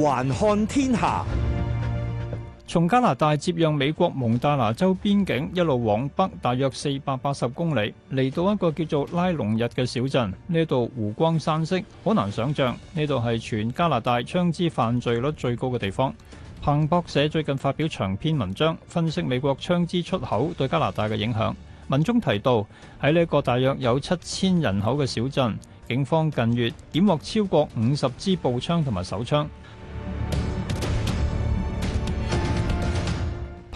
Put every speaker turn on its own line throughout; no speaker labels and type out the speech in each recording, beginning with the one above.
環看天下，從加拿大接壤美國蒙大拿州邊境一路往北，大約四百八十公里，嚟到一個叫做拉隆日嘅小鎮。呢度湖光山色，好難想象。呢度係全加拿大槍支犯罪率最高嘅地方。彭博社最近發表長篇文章，分析美國槍支出口對加拿大嘅影響。文中提到，喺呢一個大約有七千人口嘅小鎮，警方近月檢獲超過五十支步槍同埋手槍。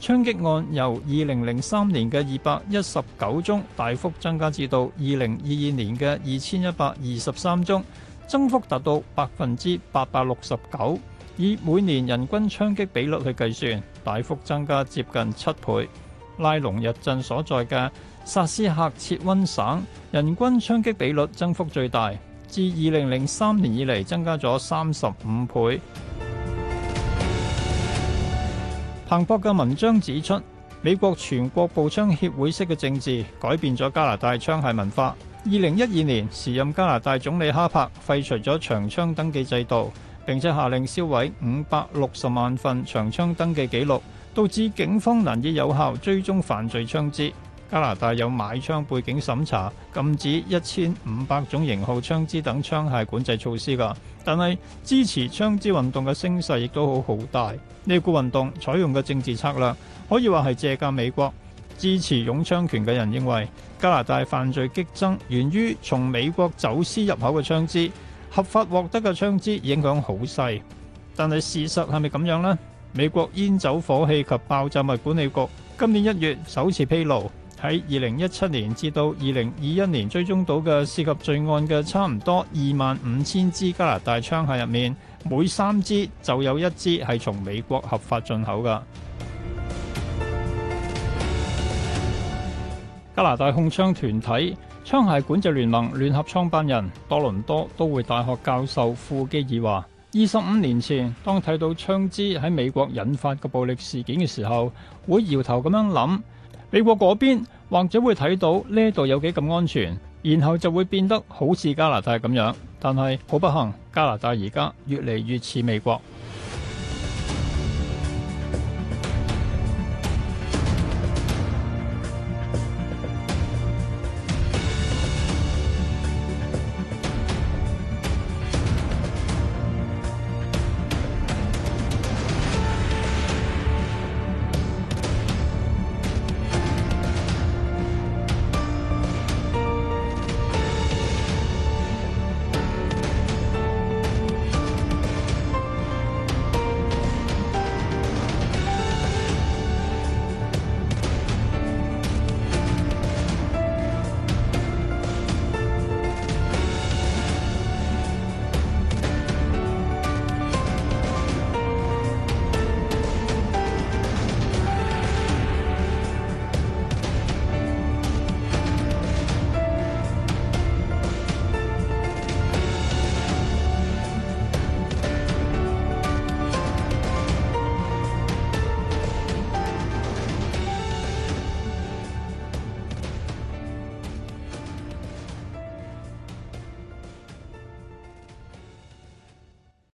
槍擊案由二零零三年嘅二百一十九宗大幅增加至到二零二二年嘅二千一百二十三宗，增幅達到百分之八百六十九。以每年人均槍擊比率去計算，大幅增加接近七倍。拉隆日鎮所在嘅薩斯喀切溫省，人均槍擊比率增幅最大，自二零零三年以嚟增加咗三十五倍。彭博嘅文章指出，美國全國步槍協會式嘅政治改變咗加拿大槍械文化。二零一二年，時任加拿大總理哈珀廢除咗長槍登記制度，並且下令銷毀五百六十萬份長槍登記記錄，導致警方難以有效追蹤犯罪槍支。加拿大有買槍背景審查、禁止一千五百種型號槍支等槍械管制措施㗎，但係支持槍支運動嘅聲勢亦都好好大。呢股運動採用嘅政治策略可以話係借鑑美國。支持擁槍權嘅人認為加拿大犯罪激增源於從美國走私入口嘅槍支，合法獲得嘅槍支影響好細。但係事實係咪咁樣呢？美國煙酒火器及爆炸物管理局今年一月首次披露。喺二零一七年至到二零二一年追蹤到嘅涉及罪案嘅差唔多二萬五千支加拿大槍械入面，每三支就有一支係從美國合法進口噶。加拿大控槍團體槍械管制聯盟聯合創辦人多倫多都會大學教授庫基爾話二十五年前，當睇到槍支喺美國引發個暴力事件嘅時候，會搖頭咁樣諗。美國嗰邊或者會睇到呢度有幾咁安全，然後就會變得好似加拿大咁樣。但係好不幸，加拿大而家越嚟越似美國。